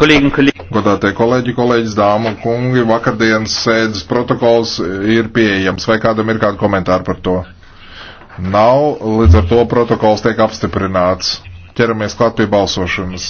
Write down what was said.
Kolēģi, kolēģi. Godātie kolēģi, kolēģis, dāmas un kungi, vakardienas sēdes protokols ir pieejams. Vai kādam ir kādi komentāri par to? Nav, līdz ar to protokols tiek apstiprināts. Ķeramies klāt pie balsošanas.